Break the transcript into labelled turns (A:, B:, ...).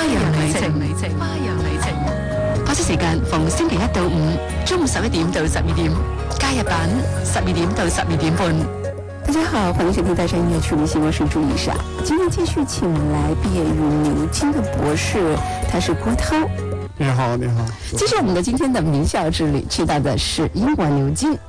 A: 花樣旅程，花樣旅程。播出時間逢星期一到五中午十一點到十二點，加日版十二點到十二點半。大家好，歡迎收聽《大山音樂區》旅行，我係朱雨莎。今天繼續請來畢業於牛津的博士，他是郭濤。
B: 你好，你好。
A: 繼續我們的今天的名校之旅，去到的是英國牛津。